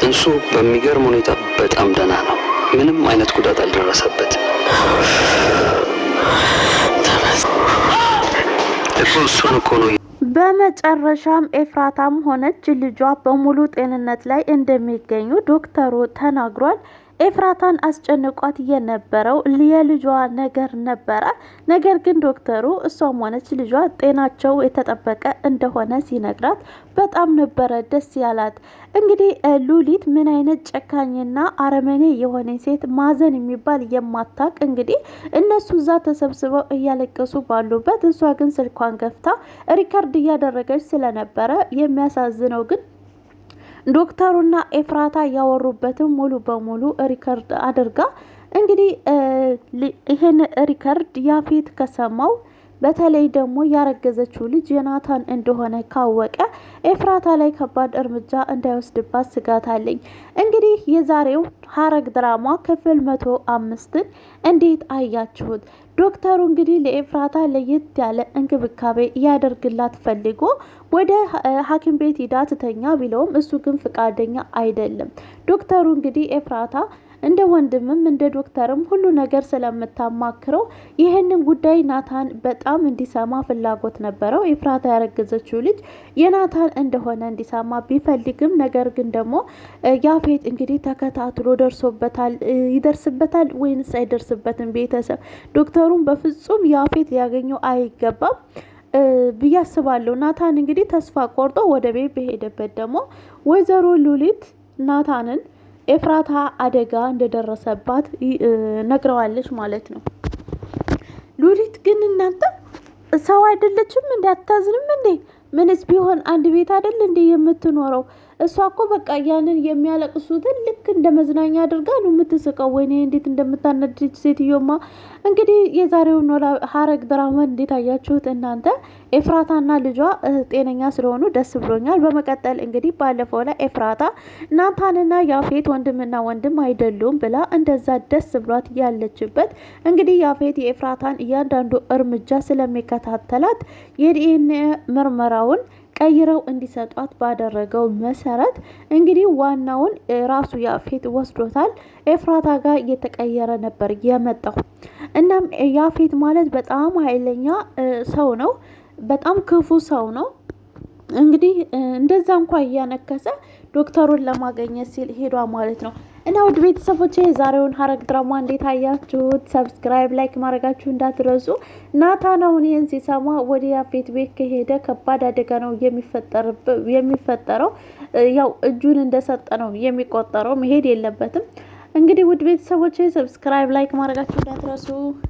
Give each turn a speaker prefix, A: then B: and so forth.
A: ጽንሱ በሚገርም ሁኔታ በጣም ደህና ነው። ምንም አይነት ጉዳት አልደረሰበት። እሱን እኮ ነው።
B: በመጨረሻም ኤፍራታም ሆነች ልጇ በሙሉ ጤንነት ላይ እንደሚገኙ ዶክተሩ ተናግሯል። ኤፍራታን አስጨንቋት የነበረው የልጇ ነገር ነበረ። ነገር ግን ዶክተሩ እሷም ሆነች ልጇ ጤናቸው የተጠበቀ እንደሆነ ሲነግራት በጣም ነበረ ደስ ያላት። እንግዲህ ሉሊት ምን አይነት ጨካኝና አረመኔ የሆነ ሴት ማዘን የሚባል የማታቅ እንግዲህ እነሱ እዛ ተሰብስበው እያለቀሱ ባሉበት እሷ ግን ስልኳን ገፍታ ሪከርድ እያደረገች ስለነበረ የሚያሳዝነው ግን ዶክተሩና ኤፍራታ ያወሩበትን ሙሉ በሙሉ ሪከርድ አድርጋ እንግዲህ ይህን ሪከርድ ያፌት ከሰማው በተለይ ደግሞ ያረገዘችው ልጅ የናታን እንደሆነ ካወቀ ኤፍራታ ላይ ከባድ እርምጃ እንዳይወስድባት ስጋት አለኝ። እንግዲህ የዛሬው ሀረግ ድራማ ክፍል መቶ አምስትን እንዴት አያችሁት? ዶክተሩ እንግዲህ ለኤፍራታ ለየት ያለ እንክብካቤ እያደርግላት ፈልጎ ወደ ሐኪም ቤት ሂዳ ትተኛ ቢለውም እሱ ግን ፍቃደኛ አይደለም። ዶክተሩ እንግዲህ ኤፍራታ እንደ ወንድምም እንደ ዶክተርም ሁሉ ነገር ስለምታማክረው ይህንን ጉዳይ ናታን በጣም እንዲሰማ ፍላጎት ነበረው። ኤፍራታ ያረገዘችው ልጅ የናታን እንደሆነ እንዲሰማ ቢፈልግም ነገር ግን ደግሞ ያፌት እንግዲህ ተከታትሎ ደርሶበታል። ይደርስበታል ወይንስ አይደርስበትም? ቤተሰብ ዶክተሩ ነገሩን በፍጹም ያፌት ሊያገኘው አይገባም ብዬ አስባለሁ። ናታን እንግዲህ ተስፋ ቆርጦ ወደ ቤት በሄደበት ደግሞ ወይዘሮ ሉሊት ናታንን ኤፍራታ አደጋ እንደደረሰባት ነግረዋለች ማለት ነው። ሉሊት ግን እናንተ ሰው አይደለችም እንዴ? አታዝንም እንዴ? ምንስ ቢሆን አንድ ቤት አይደል እንዴ የምትኖረው? እሷ እኮ በቃ ያንን የሚያለቅሱትን ልክ እንደ መዝናኛ አድርጋ ነው የምትስቀው። ወይኔ እንዴት እንደምታነድጅ ሴትዮማ። እንግዲህ የዛሬውን ሐረግ ድራማ እንዴት አያችሁት እናንተ? ኤፍራታና ልጇ ጤነኛ ስለሆኑ ደስ ብሎኛል። በመቀጠል እንግዲህ ባለፈው ላይ ኤፍራታ ናታንና ያፌት ወንድምና ወንድም አይደሉም ብላ እንደዛ ደስ ብሏት ያለችበት እንግዲህ ያፌት የኤፍራታን እያንዳንዱ እርምጃ ስለሚከታተላት የዲኤንኤ ምርመራውን ቀይረው እንዲሰጧት ባደረገው መሰረት እንግዲህ ዋናውን ራሱ ያፌት ወስዶታል። ኤፍራታ ጋር እየተቀየረ ነበር የመጣው። እናም ያፌት ማለት በጣም ኃይለኛ ሰው ነው። በጣም ክፉ ሰው ነው። እንግዲህ እንደዛ እንኳ እያነከሰ ዶክተሩን ለማገኘት ሲል ሄዷ ማለት ነው። እና ውድ ቤተሰቦች የዛሬውን ሀረግ ድራማ እንዴት አያችሁት? ሰብስክራይብ፣ ላይክ ማድረጋችሁ እንዳትረሱ። ናታን አሁን ይህን ሲሰማ ወደ ያፌት ቤት ከሄደ ከባድ አደጋ ነው የሚፈጠረው። ያው እጁን እንደሰጠ ነው የሚቆጠረው። መሄድ የለበትም። እንግዲህ ውድ ቤተሰቦች ሰብስክራይብ፣ ላይክ ማድረጋችሁ እንዳትረሱ።